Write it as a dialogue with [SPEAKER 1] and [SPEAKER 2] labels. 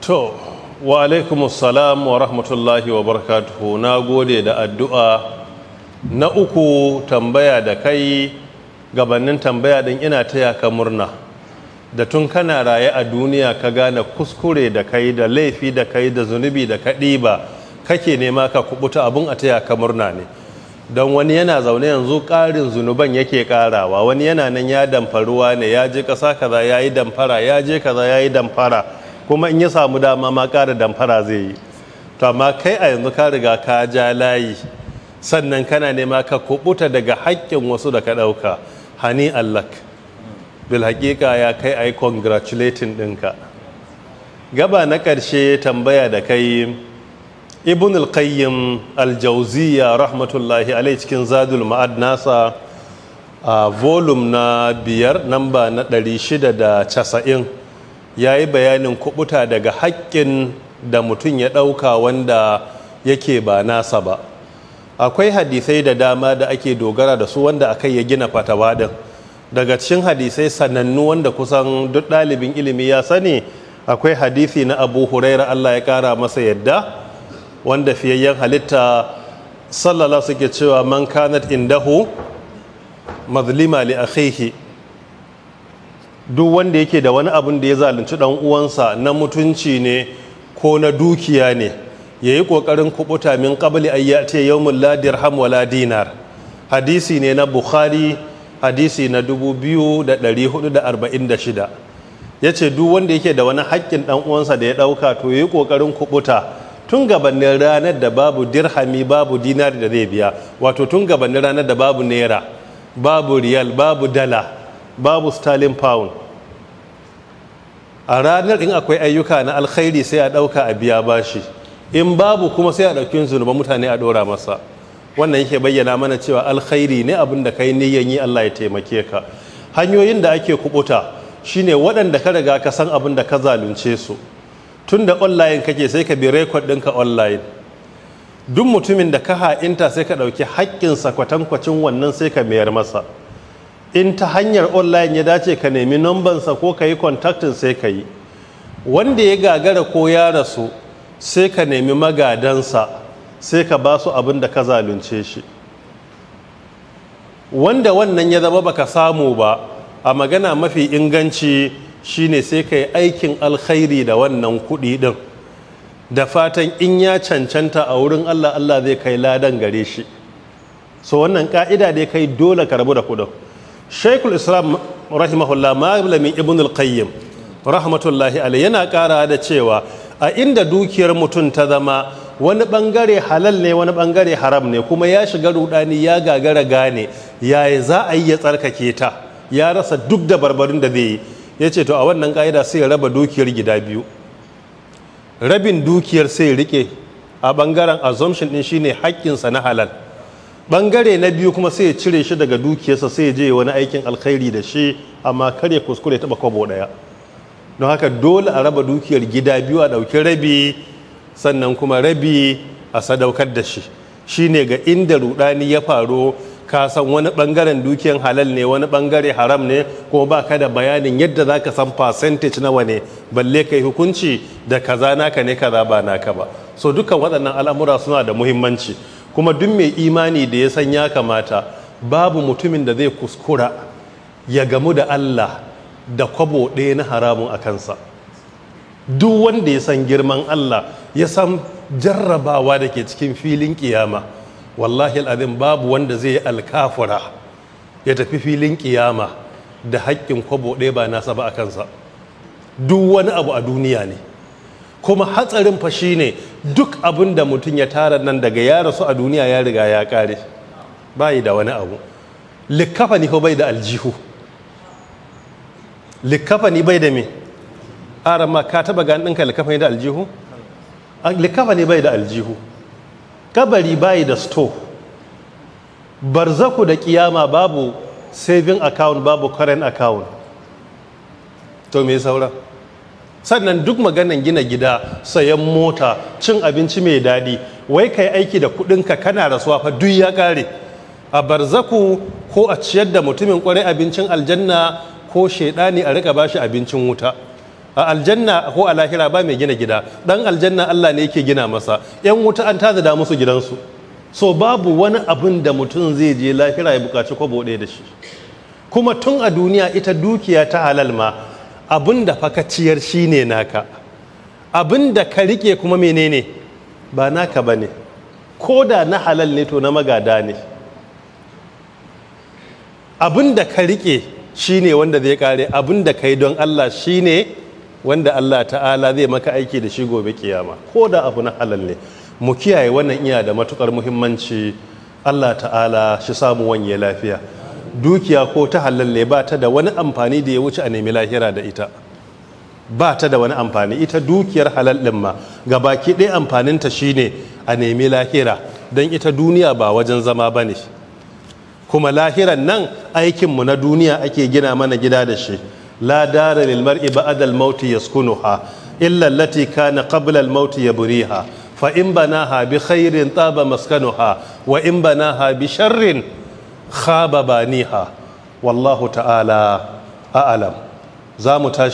[SPEAKER 1] to wa alaikumussalam wa rahmatullahi wa barakatuhu na gode da addu'a na uku tambaya da kai gabanin tambaya din ina taya ka murna da tun kana raye a duniya ka gane kuskure da kai da laifi da kai da zunubi da kaɗi ba kake nema ka kubuta abun a taya ka murna ne don wani yana zaune yanzu ƙarin zunuban yake ƙarawa wani yana nan ya damfaruwa ne ya je ƙasa kaza ya yi damfara ya je kaza ya yi damfara kuma in ya samu dama ma ƙara damfara zai yi to amma kai a yanzu ka riga ka ja layi sannan kana nema ka kubuta daga haƙƙin wasu da ka ɗauka hani allak bil haƙiƙa ya kai ai congratulating ɗinka gaba na ƙarshe tambaya da kai ibn al-qayyim al-jawziya rahmatullahi alai cikin zadul ma'ad nasa a volume na biyar namba na 690 ya yi bayanin kubuta daga haƙƙin da mutum ya ɗauka wanda yake ba nasa ba akwai hadisai da dama da ake dogara da su wanda aka ya gina fatawa daga cikin hadisai sanannu wanda kusan duk ɗalibin ilimi ya sani akwai hadisi na abu huraira allah ya ƙara masa yadda wanda fiyayyen halitta sallala suke cewa man kanat indahu mazlima li duk wanda yake da wani abin da ya zalunci dan uwansa na mutunci ne ko na dukiya ne ya yi ƙoƙarin kubuta min ƙabali ayyate yawmin la dirham wala dinar hadisi ne na bukhari hadisi na 2446 ya ce duk wanda yake da wani haƙƙin dan uwansa da ya ɗauka to ya yi ƙoƙarin kubuta tun gabanin ranar da babu dirhami babu dinar da zai biya wato tun gabanin ranar da babu naira babu riyal babu dala babu sterling pound a ranar in akwai ayyuka na alkhairi sai a ɗauka a biya bashi in babu kuma sai a ɗauki zunuban mutane a ɗora masa wannan yake bayyana mana cewa alkhairi ne abin da kai niyan yi Allah ya taimake ka hanyoyin da ake kubuta shine waɗanda ka riga ka san abin da ka zalunce su tun da online kake sai ka bi rekod ɗinka online duk mutumin da ka ha'inta sai ka ɗauki haƙƙinsa kwatankwacin wannan sai ka mayar masa in ta hanyar online ya dace ka nemi nambansa ko ka yi kontaktin sai ka yi wanda ya gagara ko ya rasu sai ka nemi magadansa sai ka ba su abin da ka zalunce shi wanda wannan ya zama baka samu ba a magana mafi inganci shine sai ka yi aikin alkhairi da wannan kuɗi din, da fatan in ya cancanta a wurin allah allah zai kai ladan gare shi so wannan ka'ida dai kai dole ka rabu da kuɗin shaikul islam rahimahullah malamin ibn al rahmatullahi alai yana kara da cewa a inda dukiyar mutum ta zama wani bangare halal ne wani bangare haram ne kuma ya shiga rudani ya gagara gane yaya za a yi ya tsarkake ta ya rasa duk da barbarin da zai yi ya ce to a wannan ka'ida sai ya raba dukiyar gida biyu rabin dukiyar sai riƙe rike a bangaren assumption din shine haƙƙinsa na halal bangare na biyu kuma sai ya cire shi daga dukiyarsa sai ya je wani aikin alkhairi da shi amma kar kuskure taba kwabo daya don haka dole a raba dukiyar gida biyu a ɗauki rabi sannan kuma rabi a sadaukar da shi shine ga inda rudani ya faro ka san wani bangaren dukiyar halal ne wani bangare haram ne ko ba ka da bayanin yadda za ka san percentage nawa ne balle kai hukunci da kaza naka ne kaza ba naka ba so dukkan waɗannan al'amura suna da muhimmanci kuma duk mai imani da ya san ya kamata babu mutumin da zai kuskura ya gamu da Allah da kwabo ɗaya na haramun a kansa duk wanda ya san girman Allah ya san jarrabawa da ke cikin filin kiyama wallahi al'adun babu wanda zai yi alkafura ya tafi filin kiyama da haƙƙin kwabo ɗaya ba nasa ba a kansa duk wani abu a duniya ne kuma hatsarin fa shine duk abin da mutum ya tara nan daga ya rasu a duniya ya riga ya kare bayi da wani abu likafa ni bai da aljihu likafa ni bai da me ma ka taba gan ɗinka likafa ni da aljihu likafa ni bai da aljihu kabari bayi da store barzaku da kiyama babu saving account babu current account to me saura sannan duk maganan gina gida sayan mota cin abinci mai daɗi wai kai aiki da kuɗinka kana rasuwa fa duk ya ƙare a barzaku ko a ciyar da mutumin ƙwarai abincin aljanna ko ne a riƙa bashi abincin wuta a aljanna ko a lahira ba mai gina gida ɗan aljanna Allah ne yake gina masa yan wuta an taza da musu gidansu so babu wani abin da mutum zai je lahira ya buƙaci kwabo ɗaya da shi kuma tun a duniya ita dukiya ta halal ma abin da fakaciyar shi ne shine naka abin da ka rike kuma menene ba naka ba ne ko da na halal ne to na magada ne abin da ka rike shine wanda zai kare abin da ka yi don Allah shine wanda Allah ta'ala zai maka aiki da shi gobe kiyama ko da abu na halal ne mu kiyaye wannan iya da matukar muhimmanci Allah ta'ala shi samu wanye lafiya dukiya ko ta halalle ba ta da wani amfani da ya wuce a nemi lahira da ita ba ta da wani amfani ita dukiyar halal din ma ga baki ɗaya amfaninta shine a nemi lahira don ita duniya ba wajen zama ba ne kuma lahiran nan aikinmu na duniya ake gina mana gida da shi la dara lil mar'i ba'da al mauti yaskunuha illa allati kana qabla al mauti yaburiha fa in banaha bi khairin taba maskanuha wa in banaha bi sharrin khababaniha wallahu ta'ala a'alam. za mu tashi